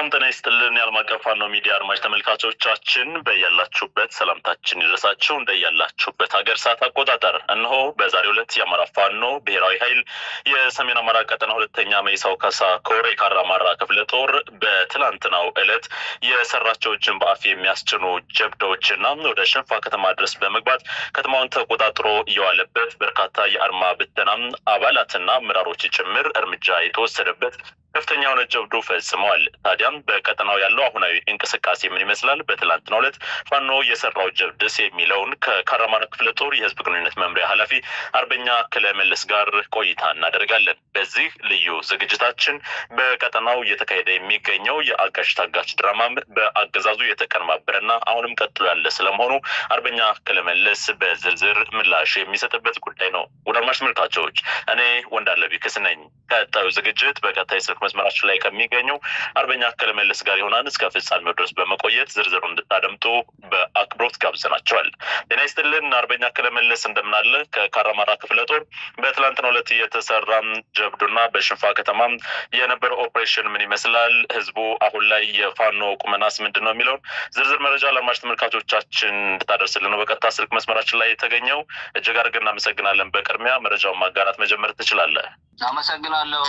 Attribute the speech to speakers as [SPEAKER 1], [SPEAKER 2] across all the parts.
[SPEAKER 1] ሰላም ጤና ይስጥልን። የዓለም አቀፍ ፋኖ ሚዲያ አድማጭ ተመልካቾቻችን በያላችሁበት ሰላምታችን ይድረሳችሁ። እንደያላችሁበት ሀገር ሰዓት አቆጣጠር እነሆ በዛሬ ሁለት የአማራ ፋኖ ብሔራዊ ኃይል የሰሜን አማራ ቀጠና ሁለተኛ መይሳው ከወሬ ካራ ማራ ክፍለ ጦር በትላንትናው ዕለት የሰራቸውን በአፍ የሚያስጭኑ ጀብዳዎችና ወደ ሸንፋ ከተማ ድረስ በመግባት ከተማውን ተቆጣጥሮ የዋለበት በርካታ የአድማ ብተና አባላትና አመራሮች ጭምር እርምጃ የተወሰደበት ከፍተኛውን የሆነ ፈጽመዋል። ታዲያም በቀጠናው ያለው አሁናዊ እንቅስቃሴ ምን ይመስላል? በትላንትናው ዕለት ፋኖ የሰራው ጀብድስ የሚለውን ከካራማራ ክፍለ ጦር የህዝብ ግንኙነት መምሪያ ኃላፊ አርበኛ ክለመለስ ጋር ቆይታ እናደርጋለን። በዚህ ልዩ ዝግጅታችን በቀጠናው እየተካሄደ የሚገኘው የአጋሽ ታጋች ድራማም በአገዛዙ የተቀነባበረና አሁንም ቀጥሎ ያለ ስለመሆኑ አርበኛ አክለ በዝርዝር ምላሽ የሚሰጥበት ጉዳይ ነው። ውድ አድማጭ ተመልካቾች፣ እኔ ወንዳለቢ ነኝ። ቀጣዩ ዝግጅት በቀጣይ ስልክ መስመራችን ላይ ከሚገኙ አርበኛ አከለ መለስ ጋር ይሆናል እስከ ፍጻሜው ድረስ በመቆየት ዝርዝሩ እንድታደምጡ በአክብሮት ጋብዘናቸዋል። ጤና ይስጥልን። አርበኛ አከለ መለስ እንደምናለ ከካራማራ ክፍለ ጦር በትላንትናው ዕለት የተሰራ ጀብዱና በሽንፋ ከተማ የነበረ ኦፕሬሽን ምን ይመስላል፣ ህዝቡ አሁን ላይ የፋኖ ቁመናስ ምንድን ነው የሚለውን ዝርዝር መረጃ ለአድማጭ ተመልካቾቻችን እንድታደርስልን ነው በቀጥታ ስልክ መስመራችን ላይ የተገኘው። እጅግ አድርገን እናመሰግናለን። በቅድሚያ መረጃውን ማጋራት መጀመር ትችላለህ።
[SPEAKER 2] አመሰግናለሁ።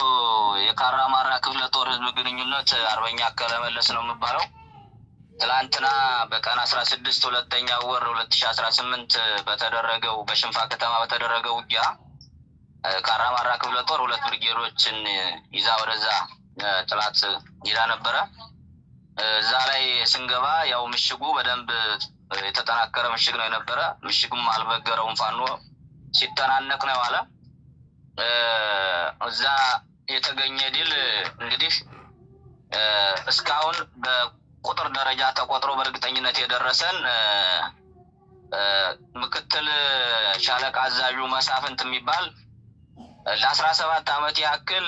[SPEAKER 2] የካራ አማራ ክፍለ ጦር ህዝብ ግንኙነት አርበኛ አከለ መለስ ነው የምባለው። ትላንትና በቀን አስራ ስድስት ሁለተኛ ወር ሁለት ሺ አስራ ስምንት በተደረገው በሽንፋ ከተማ በተደረገው ውጊያ ካራ አማራ ክፍለ ጦር ሁለት ብርጌዶችን ይዛ ወደዛ ጥላት ይዳ ነበረ። እዛ ላይ ስንገባ ያው ምሽጉ በደንብ የተጠናከረ ምሽግ ነው የነበረ። ምሽጉም አልበገረውም። ፋኖ ሲተናነቅ ነው የዋለ። እዛ የተገኘ ድል እንግዲህ እስካሁን በቁጥር ደረጃ ተቆጥሮ በእርግጠኝነት የደረሰን ምክትል ሻለቃ አዛዡ መሳፍንት የሚባል ለአስራ ሰባት አመት ያክል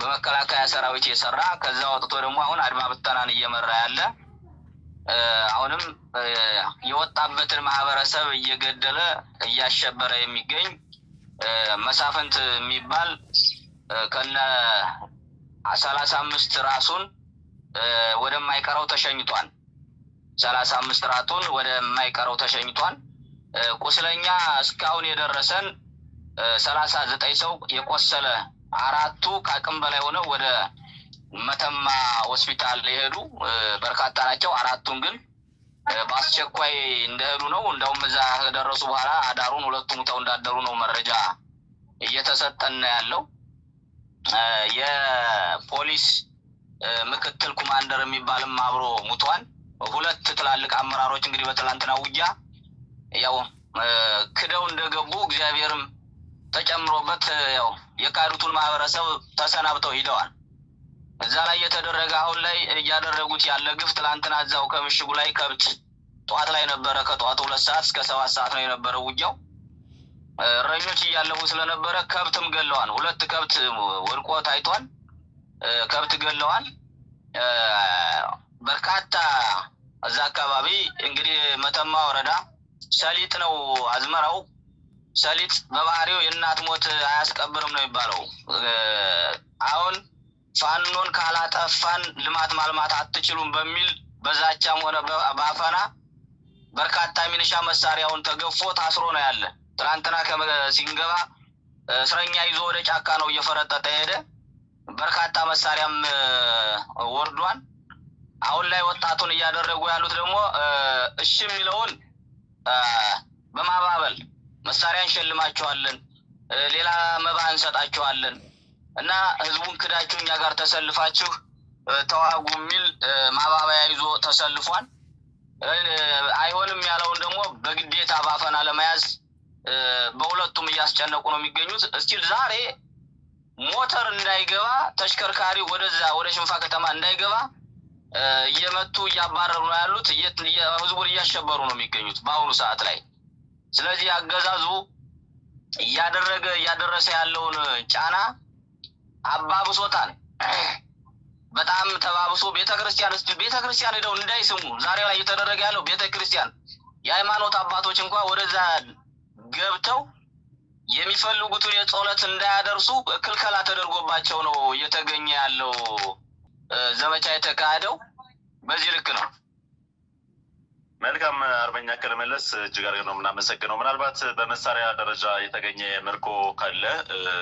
[SPEAKER 2] በመከላከያ ሰራዊት የሰራ ከዛ ወጥቶ ደግሞ አሁን አድማ ብተናን እየመራ ያለ አሁንም የወጣበትን ማህበረሰብ እየገደለ እያሸበረ የሚገኝ መሳፍንት የሚባል ከነ ሰላሳ አምስት ራሱን ወደማይቀረው ተሸኝቷል። ሰላሳ አምስት ራቱን ወደማይቀረው ተሸኝቷል። ቁስለኛ እስካሁን የደረሰን ሰላሳ ዘጠኝ ሰው የቆሰለ አራቱ ከአቅም በላይ ሆነው ወደ መተማ ሆስፒታል የሄዱ በርካታ ናቸው። አራቱን ግን በአስቸኳይ እንደሄዱ ነው። እንደውም እዛ ከደረሱ በኋላ አዳሩን ሁለቱ ውጠው እንዳደሩ ነው መረጃ እየተሰጠን ያለው። የፖሊስ ምክትል ኮማንደር የሚባልም አብሮ ሙቷል። ሁለት ትላልቅ አመራሮች እንግዲህ በትላንትና ውጊያ ያው ክደው እንደገቡ እግዚአብሔርም ተጨምሮበት ያው የካዱቱን ማህበረሰብ ተሰናብተው ሂደዋል። እዛ ላይ የተደረገ አሁን ላይ እያደረጉት ያለ ግፍ ትላንትና እዛው ከምሽጉ ላይ ከብት ጠዋት ላይ ነበረ። ከጠዋት ሁለት ሰዓት እስከ ሰባት ሰዓት ነው የነበረው ውጊያው። እረኞች እያለፉ ስለነበረ ከብትም ገለዋል። ሁለት ከብት ወድቆ ታይቷል። ከብት ገለዋል። በርካታ እዛ አካባቢ እንግዲህ መተማ ወረዳ ሰሊጥ ነው አዝመራው። ሰሊጥ በባህሪው የእናት ሞት አያስቀብርም ነው የሚባለው አሁን ፋኖን ካላጠፋን ልማት ማልማት አትችሉም በሚል በዛቻም ሆነ በአፈና በርካታ ሚኒሻ መሳሪያውን ተገፎ ታስሮ ነው ያለ። ትናንትና ሲንገባ እስረኛ ይዞ ወደ ጫካ ነው እየፈረጠጠ ሄደ። በርካታ መሳሪያም ወርዷን አሁን ላይ ወጣቱን እያደረጉ ያሉት ደግሞ እሺ የሚለውን በማባበል መሳሪያ እንሸልማቸዋለን፣ ሌላ መባ እንሰጣቸዋለን እና ህዝቡን ክዳችሁ እኛ ጋር ተሰልፋችሁ ተዋጉ የሚል ማባበያ ይዞ ተሰልፏል። አይሆንም ያለውን ደግሞ በግዴታ ባፈና ለመያዝ በሁለቱም እያስጨነቁ ነው የሚገኙት። እስቲል ዛሬ ሞተር እንዳይገባ ተሽከርካሪ ወደዛ ወደ ሽንፋ ከተማ እንዳይገባ እየመቱ እያባረሩ ነው ያሉት። ህዝቡን እያሸበሩ ነው የሚገኙት በአሁኑ ሰዓት ላይ። ስለዚህ አገዛዙ እያደረገ እያደረሰ ያለውን ጫና አባብሶታል። በጣም ተባብሶ ቤተ ክርስቲያን ስ ቤተ ክርስቲያን ሄደው እንዳይስሙ ዛሬ ላይ እየተደረገ ያለው ቤተ ክርስቲያን የሃይማኖት አባቶች እንኳ ወደዛ ገብተው የሚፈልጉትን የጸሎት እንዳያደርሱ ክልከላ ተደርጎባቸው ነው እየተገኘ ያለው ዘመቻ የተካሄደው በዚህ ልክ ነው።
[SPEAKER 1] መልካም አርበኛ ከለመለስ እጅግ አድርገን ነው የምናመሰግነው። ምናልባት በመሳሪያ ደረጃ የተገኘ ምርኮ ካለ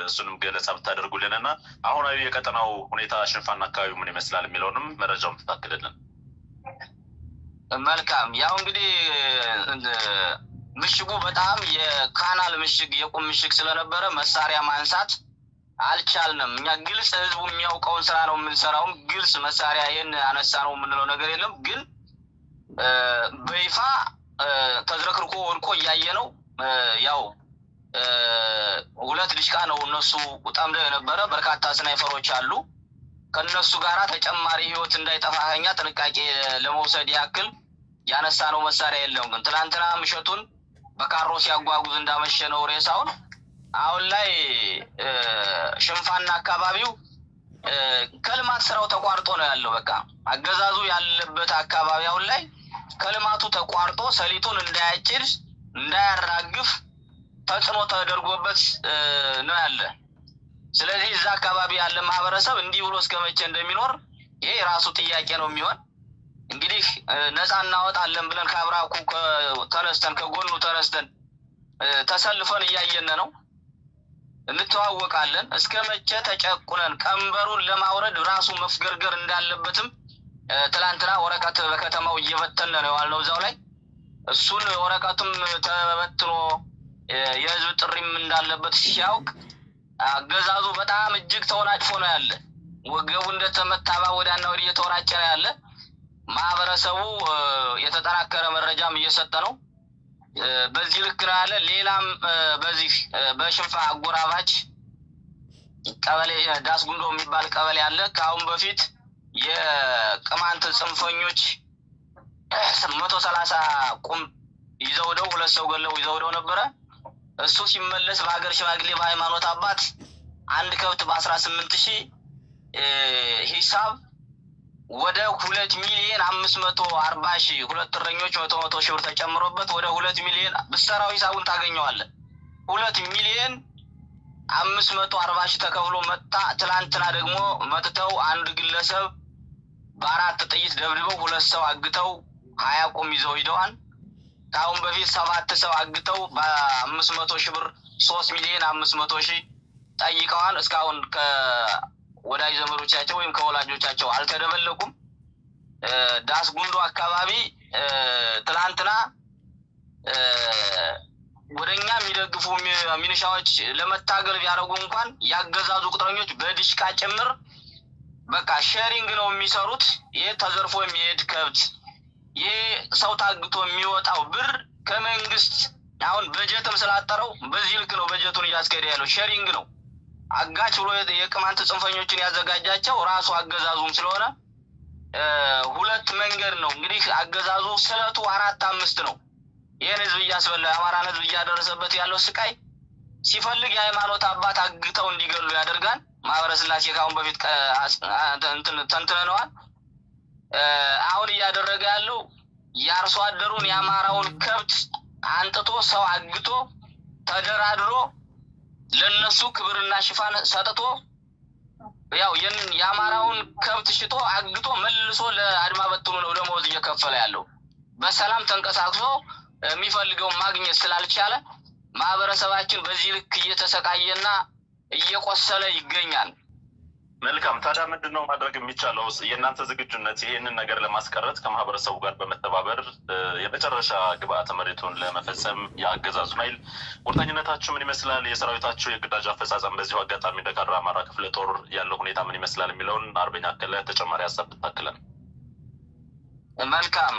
[SPEAKER 1] እሱንም ገለጻ ብታደርጉልን እና አሁናዊ የቀጠናው ሁኔታ ሽንፋና አካባቢ ምን ይመስላል የሚለውንም መረጃውን ትታክልልን።
[SPEAKER 2] መልካም ያው እንግዲህ ምሽጉ በጣም የካናል ምሽግ የቁም ምሽግ ስለነበረ መሳሪያ ማንሳት አልቻልንም። እኛ ግልጽ ህዝቡ የሚያውቀውን ስራ ነው የምንሰራውም ግልጽ መሳሪያ ይህን አነሳ ነው የምንለው ነገር የለም ግን በይፋ ተዝረክርኮ ወድቆ እያየ ነው። ያው ሁለት ልጅቃ ነው እነሱ ጠምደው የነበረ በርካታ ስናይፈሮች አሉ። ከእነሱ ጋራ ተጨማሪ ህይወት እንዳይጠፋኛ ጥንቃቄ ለመውሰድ ያክል ያነሳ ነው መሳሪያ የለውም። ግን ትናንትና ምሸቱን በካሮ ሲያጓጉዝ እንዳመሸ ነው ሬሳውን። አሁን ላይ ሽንፋና አካባቢው ከልማት ስራው ተቋርጦ ነው ያለው። በቃ አገዛዙ ያለበት አካባቢ አሁን ላይ ከልማቱ ተቋርጦ ሰሊጡን እንዳያጭድ እንዳያራግፍ ተጽዕኖ ተደርጎበት ነው ያለ። ስለዚህ እዛ አካባቢ ያለ ማህበረሰብ እንዲህ ብሎ እስከ መቼ እንደሚኖር ይሄ የራሱ ጥያቄ ነው የሚሆን። እንግዲህ ነፃ እናወጣለን ብለን ከአብራኩ ተነስተን ከጎኑ ተነስተን ተሰልፈን እያየን ነው። እንተዋወቃለን። እስከ መቼ ተጨቁነን ቀንበሩን ለማውረድ ራሱ መፍገርገር እንዳለበትም ትላንትና ወረቀት በከተማው እየበተን ነው የዋልነው እዛው ላይ እሱን ወረቀቱም ተበትኖ የህዝብ ጥሪም እንዳለበት ሲያውቅ አገዛዙ በጣም እጅግ ተወናጭፎ ነው ያለ። ወገቡ እንደተመታባ ወዳና ወዲህ እየተወናጨ ነው ያለ። ማህበረሰቡ የተጠናከረ መረጃም እየሰጠ ነው። በዚህ ልክ ነው ያለ። ሌላም በዚህ በሽንፋ አጎራባች ቀበሌ ዳስ ጉንዶ የሚባል ቀበሌ አለ ከአሁን በፊት የቅማንት ጽንፈኞች መቶ ሰላሳ ቁም ይዘውደው ሁለት ሰው ገለው ይዘውደው ነበረ። እሱ ሲመለስ በሀገር ሽማግሌ በሃይማኖት አባት አንድ ከብት በአስራ ስምንት ሺህ ሂሳብ ወደ ሁለት ሚሊየን አምስት መቶ አርባ ሺ ሁለት እረኞች መቶ መቶ ሺህ ብር ተጨምሮበት ወደ ሁለት ሚሊየን ብሰራው ሂሳቡን ታገኘዋለህ። ሁለት ሚሊዮን አምስት መቶ አርባ ሺ ተከፍሎ መጣ። ትላንትና ደግሞ መጥተው አንድ ግለሰብ በአራት ጥይት ደብድበው ሁለት ሰው አግተው ሀያ ቁም ይዘው ሂደዋል። ከአሁን በፊት ሰባት ሰው አግተው በአምስት መቶ ሺህ ብር ሶስት ሚሊዮን አምስት መቶ ሺህ ጠይቀዋል። እስካሁን ከወዳጅ ዘመዶቻቸው ወይም ከወላጆቻቸው አልተደበለቁም። ዳስ ጉንዶ አካባቢ ትላንትና ወደኛ የሚደግፉ ሚኒሻዎች ለመታገል ቢያደርጉ እንኳን ያገዛዙ ቁጥረኞች በድሽቃ ጭምር በቃ ሼሪንግ ነው የሚሰሩት። ይህ ተዘርፎ የሚሄድ ከብት፣ ይህ ሰው ታግቶ የሚወጣው ብር ከመንግስት አሁን በጀትም ስላጠረው በዚህ ልክ ነው በጀቱን እያስገደ ያለው ሼሪንግ ነው። አጋች ብሎ የቅማንት ጽንፈኞችን ያዘጋጃቸው ራሱ አገዛዙም ስለሆነ ሁለት መንገድ ነው እንግዲህ አገዛዙ ስለቱ አራት አምስት ነው። ይህን ህዝብ እያስበላ የአማራን ህዝብ እያደረሰበት ያለው ስቃይ ሲፈልግ የሃይማኖት አባት አግተው እንዲገሉ ያደርጋል። ማህበረ ስላሴ ከአሁን በፊት ተንትነነዋል። አሁን እያደረገ ያለው የአርሶ አደሩን የአማራውን ከብት አንጥቶ ሰው አግቶ ተደራድሮ ለነሱ ክብርና ሽፋን ሰጥቶ ያው የአማራውን ከብት ሽጦ አግቶ መልሶ ለአድማ በትኑ ነው ደመወዝ እየከፈለ ያለው። በሰላም ተንቀሳቅሶ የሚፈልገውን ማግኘት ስላልቻለ ማህበረሰባችን በዚህ ልክ እየተሰቃየና እየቆሰለ ይገኛል።
[SPEAKER 1] መልካም ታዲያ ምንድን ነው ማድረግ የሚቻለው? የእናንተ ዝግጁነት ይህንን ነገር ለማስቀረት ከማህበረሰቡ ጋር በመተባበር የመጨረሻ ግብአተ መሬቱን ለመፈጸም የአገዛዙ ኃይል ቁርጠኝነታችሁ ምን ይመስላል? የሰራዊታችሁ የግዳጅ አፈጻጸም በዚሁ አጋጣሚ ደጋራ አማራ ክፍለ ጦር ያለው ሁኔታ ምን ይመስላል የሚለውን አርበኛ አከለ ተጨማሪ ሀሳብ ብታክለን።
[SPEAKER 2] መልካም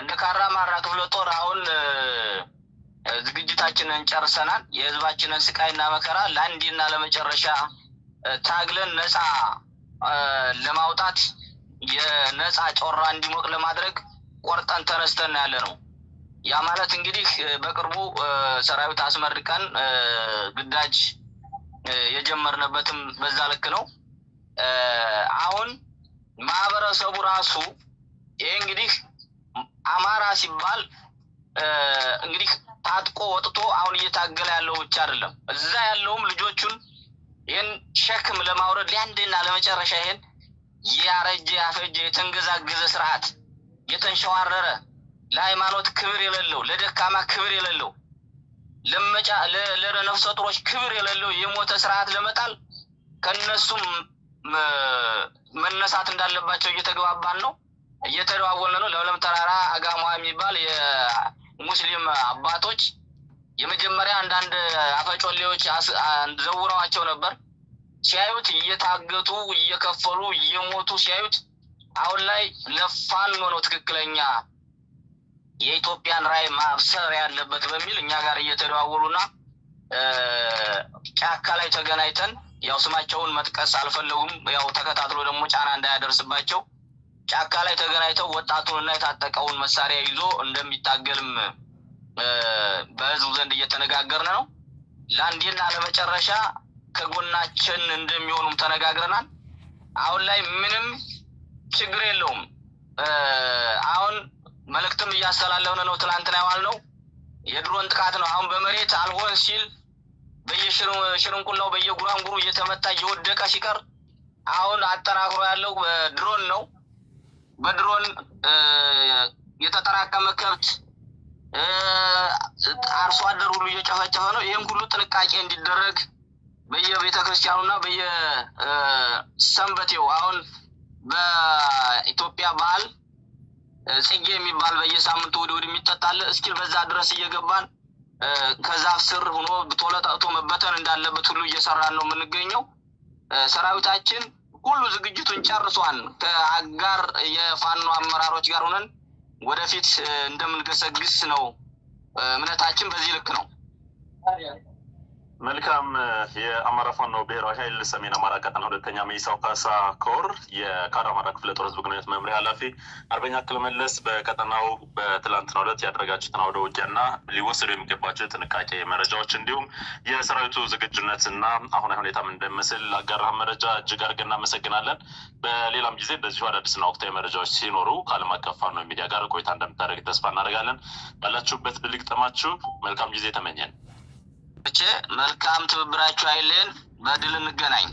[SPEAKER 2] እንደ ካራ አማራ ክፍለ ጦር አሁን ዝግጅታችንን ጨርሰናል። የህዝባችንን ስቃይና መከራ ለአንዲና ለመጨረሻ ታግለን ነፃ ለማውጣት የነፃ ጮራ እንዲሞቅ ለማድረግ ቆርጠን ተነስተን ያለ ነው። ያ ማለት እንግዲህ በቅርቡ ሰራዊት አስመርቀን ግዳጅ የጀመርንበትም በዛ ልክ ነው። አሁን ማህበረሰቡ ራሱ ይሄ እንግዲህ አማራ ሲባል እንግዲህ ታጥቆ ወጥቶ አሁን እየታገለ ያለው ብቻ አይደለም። እዛ ያለውም ልጆቹን ይህን ሸክም ለማውረድ ሊያንድና ለመጨረሻ ይህን ያረጀ ያፈጀ የተንገዛገዘ ስርዓት የተንሸዋረረ ለሃይማኖት ክብር የሌለው ለደካማ ክብር የሌለው ለመጫ ለነፍሰ ጡሮች ክብር የሌለው የሞተ ስርዓት ለመጣል ከነሱም መነሳት እንዳለባቸው እየተግባባን ነው፣ እየተደዋወልን ነው። ለምለም ተራራ አጋማ የሚባል ሙስሊም አባቶች የመጀመሪያ አንዳንድ አፈጮሌዎች ዘውረዋቸው ነበር። ሲያዩት እየታገቱ እየከፈሉ እየሞቱ ሲያዩት አሁን ላይ ለፋኖ ነው ትክክለኛ የኢትዮጵያን ራይ ማብሰር ያለበት በሚል እኛ ጋር እየተደዋወሉና ጫካ ላይ ተገናኝተን ያው ስማቸውን መጥቀስ አልፈለጉም። ያው ተከታትሎ ደግሞ ጫና እንዳያደርስባቸው ጫካ ላይ ተገናኝተው ወጣቱንና የታጠቀውን መሳሪያ ይዞ እንደሚታገልም በህዝቡ ዘንድ እየተነጋገርን ነው። ለአንዴና ለመጨረሻ ከጎናችን እንደሚሆኑም ተነጋግረናል። አሁን ላይ ምንም ችግር የለውም። አሁን መልእክትም እያስተላለፍን ነው። ትናንትና ዋል ነው የድሮን ጥቃት ነው። አሁን በመሬት አልሆን ሲል በየሽርንቁላው በየጉራንጉሩ እየተመታ እየወደቀ ሲቀር አሁን አጠናክሮ ያለው ድሮን ነው። በድሮን የተጠራቀመ ከብት አርሶ አደር ሁሉ እየጨፈጨፈ ነው። ይህም ሁሉ ጥንቃቄ እንዲደረግ በየቤተ ክርስቲያኑና በየሰንበቴው አሁን በኢትዮጵያ ባህል ጽጌ የሚባል በየሳምንቱ ወደ ወደ የሚጠጣለ እስኪ በዛ ድረስ እየገባን ከዛፍ ስር ሆኖ ቶሎ ጠጥቶ መበተን እንዳለበት ሁሉ እየሰራን ነው የምንገኘው ሰራዊታችን ሁሉ ዝግጅቱን ጨርሷል። ከአጋር የፋኖ አመራሮች ጋር ሆነን ወደፊት እንደምንገሰግስ ነው እምነታችን። በዚህ ልክ ነው።
[SPEAKER 1] መልካም የአማራ ፋኖ ብሔራዊ ኃይል ሰሜን አማራ ቀጠና ሁለተኛ መይሳው ካሳ ኮር የካዶ አማራ ክፍለ ጦር ህዝብ ግንኙነት መምሪያ ኃላፊ አርበኛ ክል መለስ በቀጠናው በትላንትና ዕለት ያደረጋችሁትን አውደ ውጊያና ሊወሰዱ የሚገባቸው የጥንቃቄ መረጃዎች እንዲሁም የሰራዊቱ እና አሁን ሁኔታም እንደምስል አጋራህ መረጃ እጅግ አድርገን እናመሰግናለን። በሌላም ጊዜ እንደዚሁ አዳዲስና ወቅታዊ መረጃዎች ሲኖሩ ከዓለም አቀፍ ፋኖ ሚዲያ ጋር ቆይታ እንደምታደረግ ተስፋ እናደርጋለን። ባላችሁበት ብልግ ጥማችሁ መልካም ጊዜ ተመኘን።
[SPEAKER 2] ብቼ መልካም ትብብራችሁ አይልን በድል እንገናኝ።